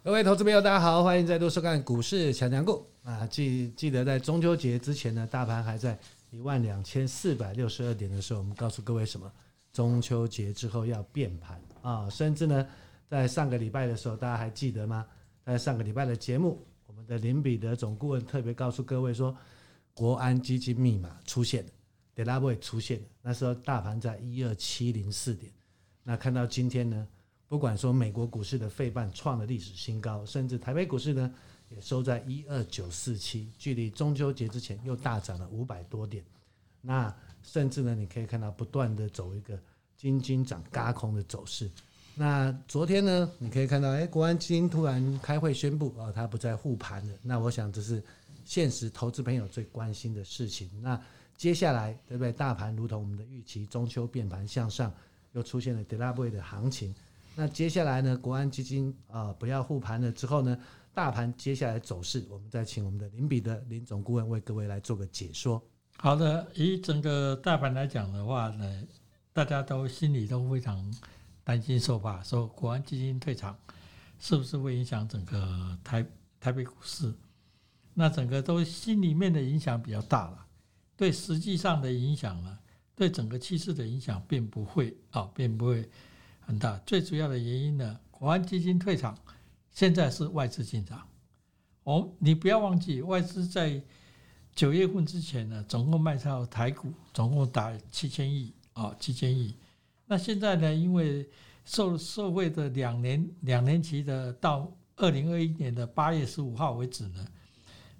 各位投資朋友，大家好，歡迎再度收看《股市強強滾》啊！記記得在中秋節之前呢，大盤還在一萬兩千四百六十二點的時候，我們告訴各位什麼？中秋節之後要變盤啊、哦！甚至呢，在上個禮拜的時候，大家還記得嗎？在上個禮拜的節目，我們的林彼得總顧問特別告訴各位說，國安基金密碼出現 d e l 出現了出現了，那時候大盤在一二七零四點。那看到今天呢？不管說美國股市的費半創了歷史新高，甚至台北股市呢也收在一二九四七，距離中秋節之前又大漲了五百多點。那甚至呢，你可以看到不斷地走一個金金漲嘎空的走勢。那昨天呢，你可以看到，哎，國安基金突然開會宣布，哦，他不再護盤了。那我想這是現實投資朋友最關心的事情。那接下來，對不對？大盤如同我們的預期，中秋變盤向上，又出現了 Delabor 的行情。那接下來呢？國安基金啊、哦，不要護盤了之後呢，大盤接下來走勢，我們再請我們的林彼得林總顧問為各位來做個解說。好的，以整個大盤來講的話呢，大家都心裡都非常擔心受怕，說國安基金退場是不是會影響整個台台北股市？那整個都心裡面的影響比較大了，對實際上的影響呢，對整個趨勢的影響並不會啊、哦，並不會。很大，最主要的原因呢，國安基金退場，現在是外資進場。我、哦、你不要忘記，外資在九月份之前呢，總共賣超台股總共達七千億啊，七、哦、千億。那現在呢，因為受受惠的兩年兩年期的到二零二一年的八月十五號為止呢，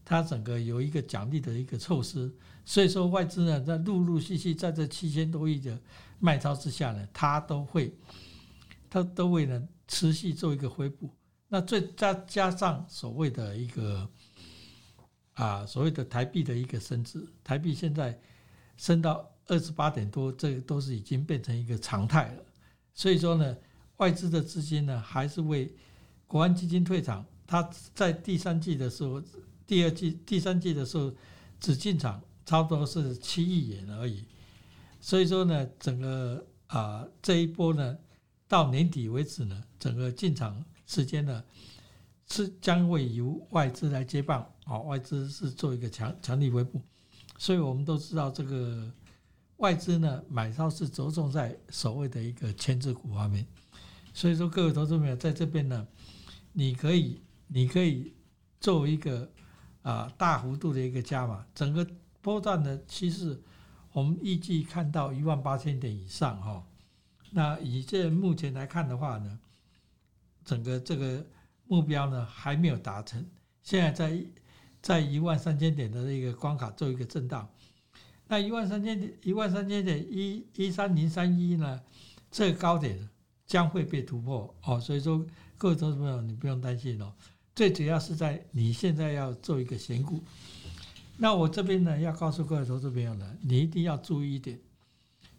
它整個有一個獎勵的一個措施，所以說外資呢在陸陸續續在這七千多億的賣超之下呢，它都會。它都會呢持續做一個回補，那最加加上所謂的一個啊，所謂的台幣的一個升值，台幣現在升到二十八點多，這個都是已經變成一個常態了。所以說呢，外資的資金呢還是為國安基金退場，它在第三季的時候，第二季、第三季的時候只進場差不多是七億元而已。所以說呢，整個啊這一波呢。到年底為止呢，整個進場時間呢，是將會由外資來接棒啊、哦，外資是做一個強強力回補，所以我們都知道這個外資呢買超是着重在所謂的一個權值股方面，所以說各位投資朋友在這邊呢，你可以你可以做一個啊、呃、大幅度的一個加碼，整個波段的趨勢我們預計看到一萬八千點以上哈。哦那以這目前來看的話呢，整個這個目標呢還沒有達成，現在在在一萬三千點的那個關卡做一個震盪，那一萬三千點一萬三千點一一三零三一呢最、這個、高點將會被突破哦，所以說各位投資朋友你不用擔心哦，最主要是在你現在要做一個選股，那我這邊呢要告訴各位投資朋友呢，你一定要注意一點，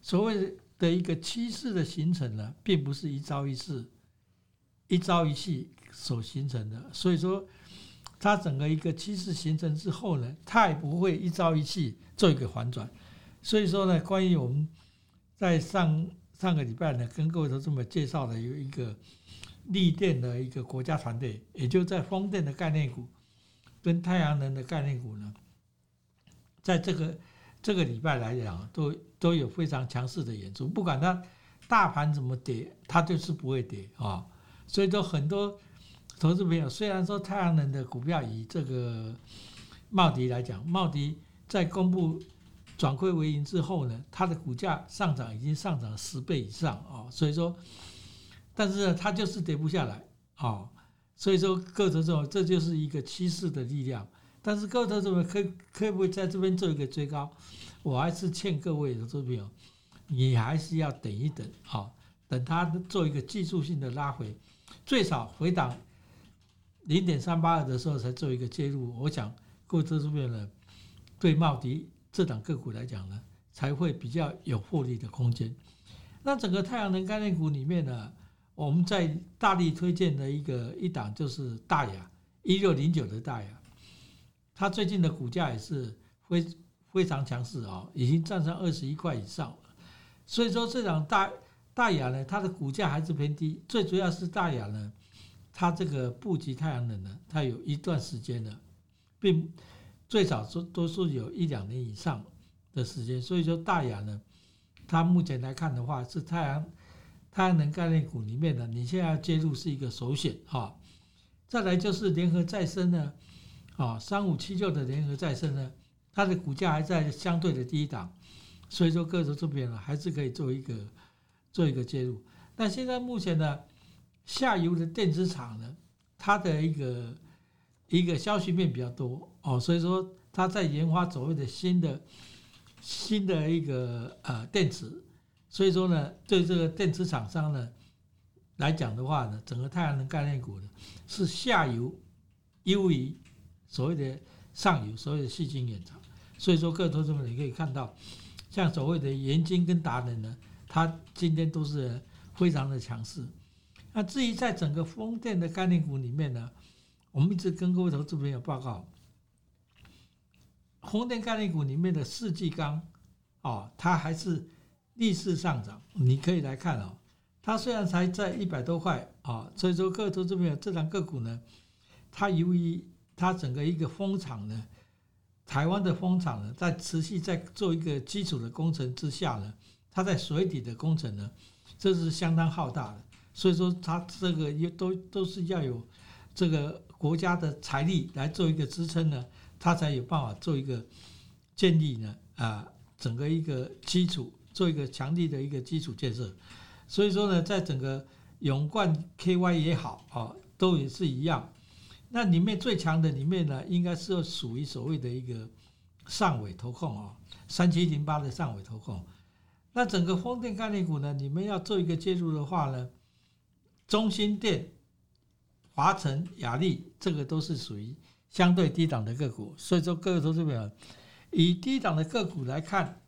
所謂。的一個趨勢的形成呢，並不是一朝一夕、一朝一夕所形成的。所以說，它整個一個趨勢形成之後呢，它也不會一朝一夕做一個反轉。所以說呢，關於我們在上上個禮拜呢，跟各位都這麼介紹的，有一個力電的一個國家團隊，也就在風電的概念股跟太陽能的概念股呢，在這個。這個禮拜來講，都都有非常強勢的演出，不管它大盤怎麼跌，它就是不會跌啊、哦。所以說很多投資朋友，雖然說太陽能的股票以這個茂迪來講，茂迪在公布轉虧為盈之後呢，它的股價上漲已經上漲十倍以上啊、哦。所以說，但是呢，它就是跌不下來啊、哦。所以說，各位朋友，這就是一個趨勢的力量。但是各位投資者們，可可不可以不在這邊做一個追高？我還是勸各位的投資朋友，你還是要等一等，好、哦，等它做一個技術性的拉回，最少回檔零點三八二的時候才做一個介入。我想，各位投資者對茂迪這檔個股來講呢，才會比較有獲利的空間。那整個太陽能概念股裡面呢，我們在大力推薦的一個一檔就是大亞一六零九的大亞。它最近的股價也是非非常強勢啊，已經站上二十一塊以上了。所以說，這場大大雅呢，它的股價還是偏低。最主要是大雅呢，它這個布局太陽能呢，它有一段時間了，並最少是都是有一兩年以上的時間。所以說，大雅呢，它目前來看的話，是太陽太陽能概念股裡面呢，你現在要介入是一個首選哈、哦。再來就是聯合再生呢。啊，三五七六的聯合再生呢，它的股價還在相對的低檔，所以說各族這邊呢還是可以做一個做一個介入。但現在目前呢，下游的電池廠呢，它的一個一個消息面比較多哦，所以說它在研發所謂的新的新的一個呃電池，所以說呢，對這個電池廠商呢來講的話呢，整個太陽能概念股呢是下游優於所謂的上游，所謂的矽晶圓漲，所以說各位投資朋友你可以看到，像所謂的元晶跟達能呢，它今天都是非常的強勢。那至於在整個風電的概念股裡面呢，我們一直跟各位投資朋友報告，風電概念股裡面的世紀鋼哦，它還是逆勢上漲。你可以來看哦，它雖然才在一百多塊哦，所以說各位投資朋友，這兩個股呢，它由於它整個一個風場呢，台灣的風場呢，在持續在做一個基礎的工程之下呢，它在水底的工程呢，這是相當浩大的，所以說它這個也都都是要有這個國家的財力來做一個支撐呢，它才有辦法做一個建立呢啊，整個一個基礎做一個強力的一個基礎建設，所以說呢，在整個永冠 KY 也好啊，都也是一樣。那裡面最強的裡面呢，應該是屬於所謂的一個上尾投控啊、哦，三七零八的上尾投控。那整個風電概念股呢，你們要做一個介入的話呢，中興電、華城、亞力這個都是屬於相對低檔的個股。所以說各個都是，各位投資者以低檔的個股來看，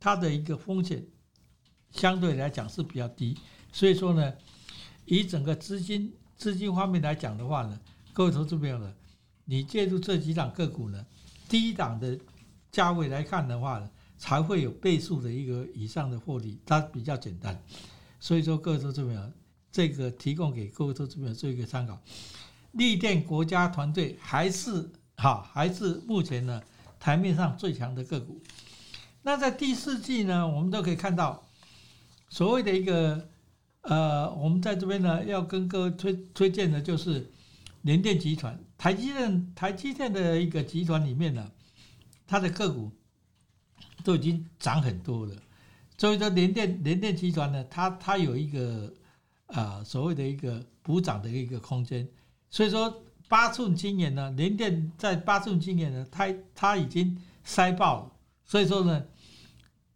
它的一個風險相對來講是比較低。所以說呢，以整個資金。資金方面來講的話呢，各位投資朋友呢，你借助這幾檔個股呢，低檔的價位來看的話呢，才會有倍數的一個以上的獲利，它比較簡單。所以說，各位投資朋友，這個提供給各位投資朋友做一個參考。力電國家團隊還是哈，還是目前呢檯面上最強的個股。那在第四季呢，我們都可以看到所謂的一個。呃，我們在這邊呢，要跟各位推推薦的，就是聯電集團、台積電、台積電的一個集團裡面呢，它的個股都已經漲很多了，所以說聯電聯電集團呢，它它有一個啊、呃、所謂的一個補漲的一個空間，所以說八吋今年呢，聯電在八吋今年呢，它它已經塞爆了，所以說呢，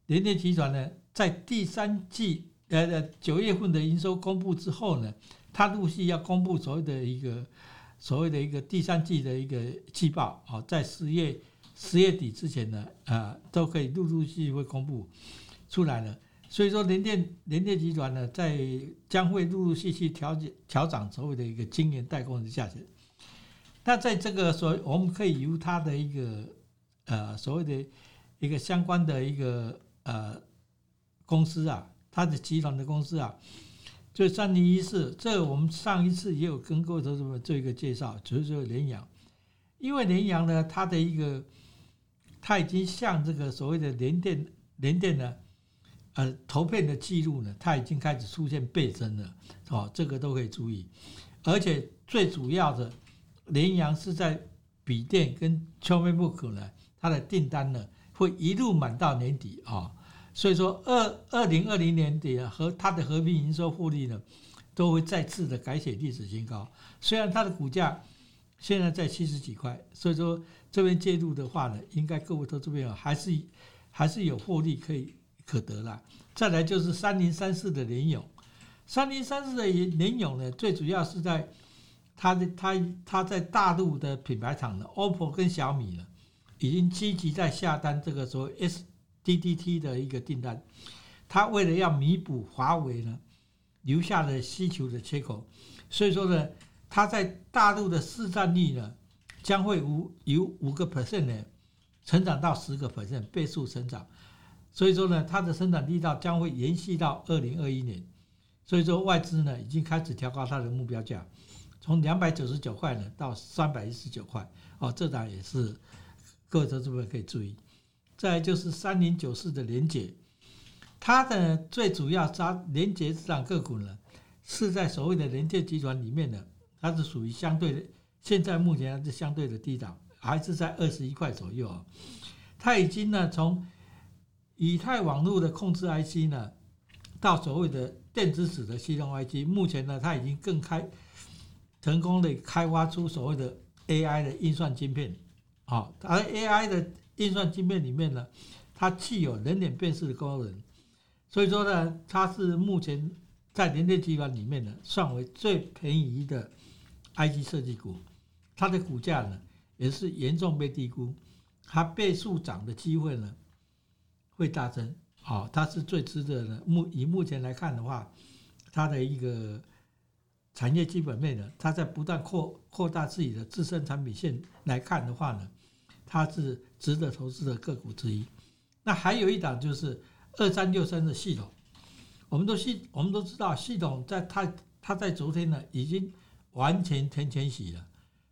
聯電集團呢，在第三季。呃，九月份的營收公布之後呢，它陸續要公布所謂的一個，所謂的一個第三季的一個季報啊，在十月十月底之前呢，啊、呃，都可以陸陸續續會公布出來了。所以說，聯電聯電集團呢，在將會陸陸續續調節、調整所謂的一個晶圓代工的價值。那在這個所，我們可以由他的一個呃，所謂的一個相關的一個呃公司啊。他的集團的公司啊，就三零一四，這個我們上一次也有跟各位投資者做一個介紹，就是說聯陽，因為聯陽呢，它的一個，它已經向這個所謂的聯電、聯電呢，呃，投片的記錄呢，它已經開始出現倍增了，哦，這個都可以注意，而且最主要的，聯陽是在筆電跟 Chromebook 呢，它的訂單呢，會一路滿到年底啊，哦。所以說，二二零二零年底和它的合併營收、獲利呢，都會再次的改寫歷史新高。雖然它的股價現在在七十幾塊，所以說這邊介入的話呢，應該各位投資者還是還是有獲利可以，可以，可得了。再來就是三零三四的聯詠，三零三四的聯聯詠呢，最主要是在它的它它在大陸的品牌廠的 OPPO 跟小米呢，已經積極在下單這個所謂 S。D D T 的一個訂單，它為了要彌補華為呢留下的需求的缺口，所以說呢，它在大陸的市占率呢將會無，由五個 percent 呢成長到十個 percent 倍速成長，所以說呢，它的生產力道將會延續到二零二一年，所以說外資呢已經開始調高它的目標價，從兩百九十九塊呢到三百一十九塊，哦，這檔也是各位投資者可以注意。再就是三零九四的聯傑，它的最主要扎聯傑市場個股呢，是在所謂的聯傑集團裡面的，它是屬於相對的，現在目前還是相對的低檔，還是在二十一塊左右啊、哦。它已經呢，從以太網絡的控制 IC 呢，到所謂的電子紙的系統 IC，目前呢，它已經更開成功的開發出所謂的 AI 的運算晶片，好，而、哦、AI 的。運算芯片裡面呢，它具有人臉辨識的功能，所以說呢，它是目前在聯電集團裡面呢，算為最便宜的 IC 設計股，它的股價呢，也是嚴重被低估，它倍數漲的機會呢會大增。好、哦，它是最值得的目，以目前來看的話，它的一個產業基本面呢，它在不斷擴擴大自己的自身產品線來看的話呢。它是值得投資的個股之一。那還有一檔就是二三六三的矽統，我們都系我們都知道矽統在它它在昨天呢已經完成填權息了，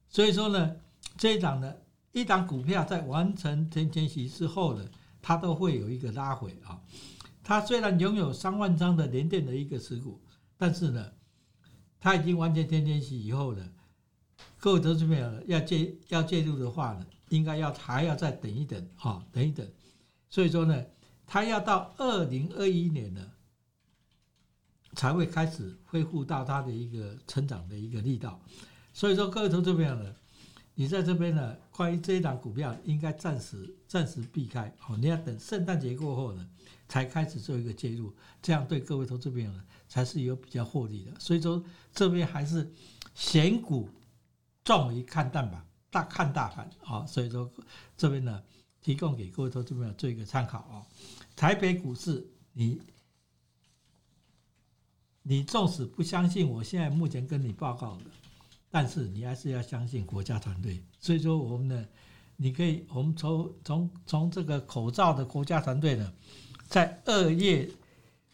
所以說呢這一檔呢一檔股票在完成填權息之後呢，它都會有一個拉回啊、哦。它雖然擁有三萬張的聯電的一個持股，但是呢，它已經完成填權息以後呢，各位投資朋友，要介要介入的話呢。應該要還要再等一等啊、哦，等一等，所以說呢，它要到二零二一年呢，才會開始恢復到它的一個成長的一個力道。所以說各位投資朋友呢，你在這邊呢，關於這一檔股票應，應該暫時暫時避開哦，你要等聖誕節過後呢，才開始做一個介入，這樣對各位投資朋友呢，才是有比較獲利的。所以說這邊還是選股，重於看淡吧。大看大盤啊，所以說這邊呢，提供給各位投資朋友做一個參考啊。台北股市，你你縱使不相信我現在目前跟你報告的，但是你還是要相信國家團隊。所以說，我們呢，你可以，我們從從從這個口罩的國家團隊呢，在二月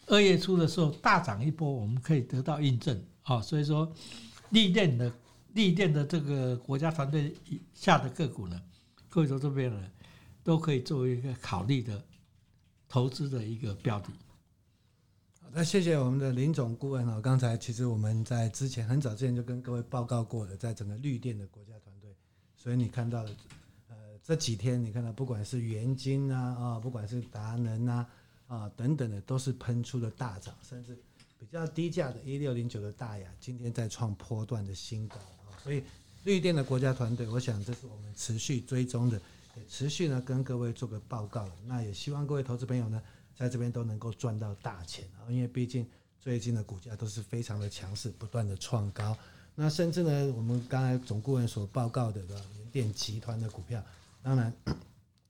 二月初的時候大漲一波，我們可以得到印證啊。所以說歷練的。綠電的這個國家團隊以下的個股呢，各位這邊呢，都可以作為一個考慮的投資的一個標的。那謝謝我們的林總顧問啊。剛才其實我們在之前很早之前就跟各位報告過了，在整個綠電的國家團隊，所以你看到，呃，這幾天你看到不管是元晶啊啊、哦，不管是達能啊啊、哦、等等的，都是噴出了大漲，甚至比較低價的一六零九的大亞，今天再創波段的新高。所以，聯電的國家團隊，我想這是我們持續追蹤的，也持續呢跟各位做個報告。那也希望各位投資朋友呢，在這邊都能夠賺到大錢啊！因為畢竟最近的股價都是非常的強勢，不斷的創高。那甚至呢，我們剛才總顧問所報告的，對吧？聯電集團的股票，當然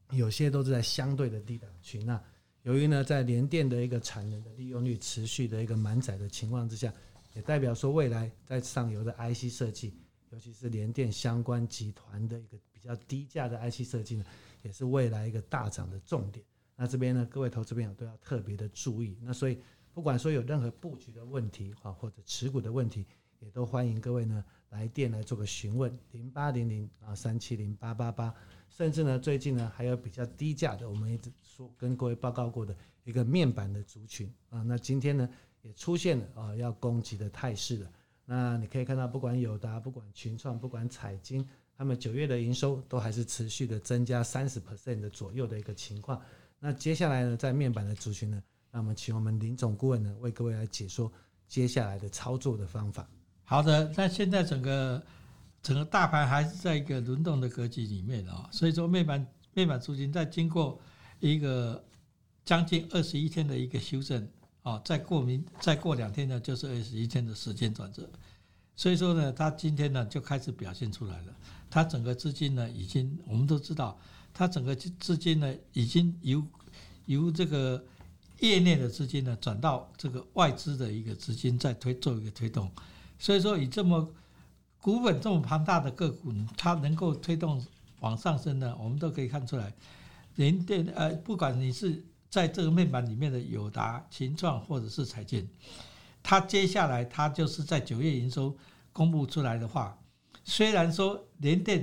有些都是在相對的低檔區。那由於呢，在聯電的一個產能的利用率持續的一個滿載的情況之下，也代表說未來在上游的 IC 設計。尤其是聯電相關集團的一個比較低價的 IC 設計呢，也是未來一個大漲的重點。那這邊呢，各位投資朋友都要特別的注意。那所以，不管說有任何布局的問題啊，或者持股的問題，也都歡迎各位呢來電來做個詢問，零八零零啊三七零八八八，8，甚至呢，最近呢還有比較低價的，我們一直說跟各位報告過的一個面板的族群啊，那今天呢也出現了啊要攻擊的態勢了。那你可以看到，不管友達，不管群創，不管彩晶，他們九月的營收都還是持續的增加三十 percent 的左右的一個情況。那接下來呢，在面板的族群呢，那麼請我們林總顧問呢為各位來解說接下來的操作的方法。好的，那現在整個整個大盤還是在一個輪動的格局裡面哦、喔，所以說面板面板族群在經過一個將近二十一天的一個修正。哦，再過明，再過兩天呢，就是二十一天的時間轉折，所以說呢，它今天呢就開始表現出來了。它整個資金呢，已經我們都知道，它整個資金呢已經由由這個業內的資金呢轉到這個外資的一個資金在推做一個推動，所以說以這麼股本這麼龐大的個股，它能夠推動往上升呢，我們都可以看出來。聯電，呃，不管你是。在這個面板裡面的友達、群創，或者是彩晶，它接下來它就是在九月營收公布出來的話，雖然說聯電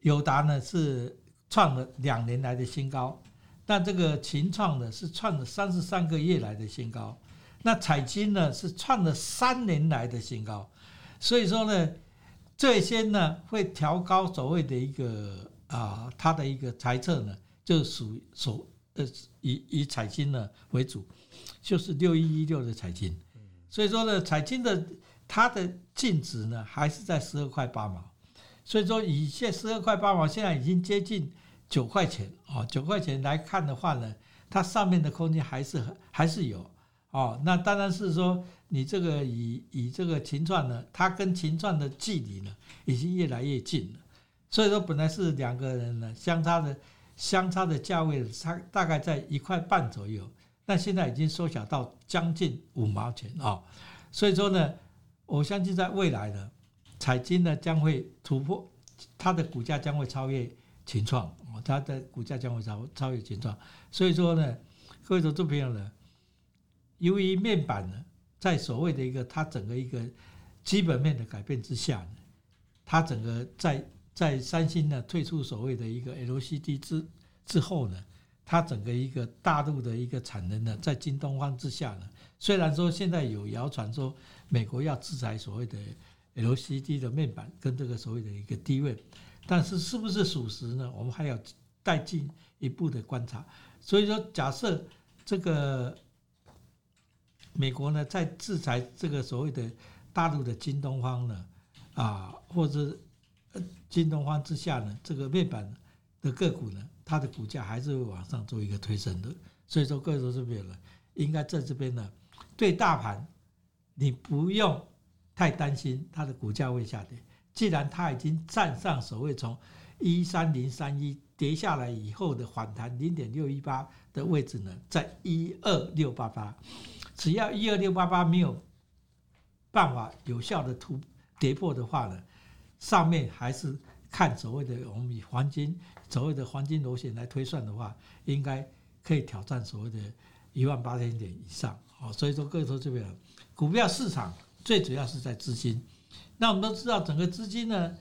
友、友達呢是創了兩年來的新高，但這個群創呢是創了三十三個月來的新高，那彩晶呢是創了三年來的新高，所以說呢，最先呢會調高所謂的一個啊它、呃、的一個財測呢，就屬、是、所。呃，以以彩晶呢為主，就是六一一六的彩晶，所以說呢，彩晶的它的淨值呢還是在十二塊八毛，所以說以現十二塊八毛現在已經接近九塊錢啊，九、哦、九塊錢來看的話呢，它上面的空間還是還是有哦，那當然是說你這個以以這個群創呢，它跟群創的距離呢已經越來越近了，所以說本來是兩個人呢相差的。相差的價位差大概在一塊半左右，但現在已經縮小到將近五毛錢啊，所以說呢，我相信在未來的彩晶呢將會突破，它的股價將會超越群創。哦，它的股價將會超越會超越群創。所以說呢，各位投資朋友呢，由於面板呢在所謂的一個它整個一個基本面的改變之下呢，它整個在。在三星呢退出所謂的一個 LCD 之之後呢，它整個一個大陸的一個產能呢，在京東方之下呢，雖然說現在有謠傳說美國要制裁所謂的 LCD 的面板跟這個所謂的一個低位，an, 但是是不是屬實呢？我們還要再進一步的觀察。所以說，假設這個美國呢在制裁這個所謂的大陸的京東方呢，啊，或者。京東方之下呢，這個面板的個股呢，它的股價還是會往上做一個推升的。所以說各位投資者了應該在這邊呢，對大盤你不用太擔心它的股價會下跌。既然它已經站上所謂從一三零三一跌下來以後的反彈零點六一八的位置呢，在一二六八八，只要一二六八八沒有辦法有效的突跌破的話呢。上面還是看所謂的我們以黃金所謂的黃金螺旋來推算的話，應該可以挑戰所謂的一萬八千點以上。好，所以說各位投資朋友，股票市場最主要是在資金。那我們都知道，整個資金呢，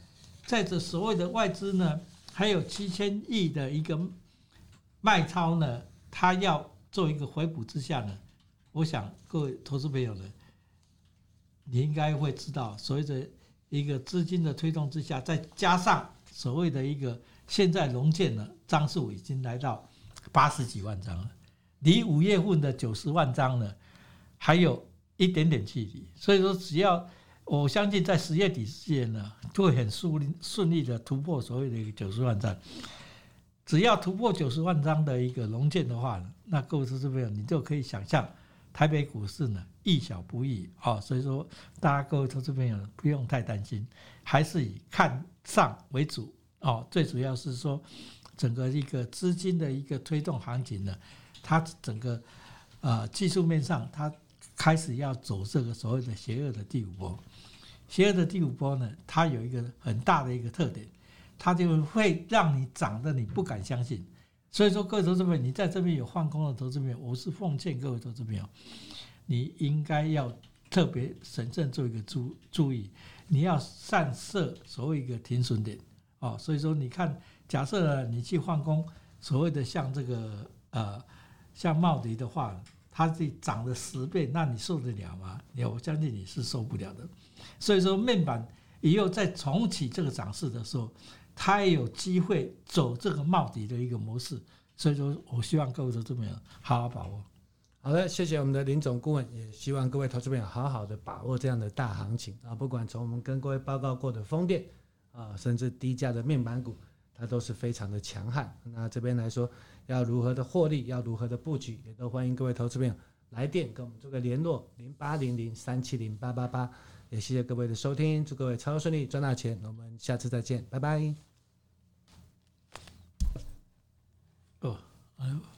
在這所謂的外資呢，還有七千億的一個賣超呢，它要做一個回補之下呢，我想各位投資朋友呢，你應該會知道所謂的。一個資金的推動之下，再加上所謂的一個現在融券的張數已經來到八十幾萬張了，離五月份的九十萬張呢還有一點點距離。所以說，只要我相信在十月底之前呢就會很順利順利的突破所謂的一個九十萬張。只要突破九十萬張的一個融券的話呢，那各位投資朋友，你就可以想象。台北股市呢，易小不易啊，哦，所以說大家各位投資朋友不用太擔心，還是以看漲為主哦。最主要是說，整個一個資金的一個推動行情呢，它整個、呃、技術面上它開始要走這個所謂的邪惡的第五波。邪惡的第五波呢，它有一個很大的一個特點，它就會讓你漲得你不敢相信。所以說，各位投資朋友，你在這邊有換股的投資朋友，我是奉勸各位投資朋友，你應該要特別審慎做一個注注意，你要善設所謂一個停損點哦。所以說，你看，假設你去換股所謂的像這個呃，像茂迪的話，它這漲了十倍，那你受得了嗎？我相信你是受不了的。所以說，面板。以後再重啟這個漲勢的時候，它也有機會走這個冒底的一個模式，所以說我希望各位投資朋友好好把握。好的，謝謝我們的林總顧問，也希望各位投資朋友好好的把握這樣的大行情啊！不管從我們跟各位報告過的風電啊、呃，甚至低價的面板股，它都是非常的強悍。那這邊來說，要如何的獲利，要如何的布局，也都歡迎各位投資朋友來電跟我們做個聯絡，零八零零三七零八八八。也謝謝各位的收聽，祝各位操作順利，賺大錢。我們下次再見，拜拜。哦，哎呦。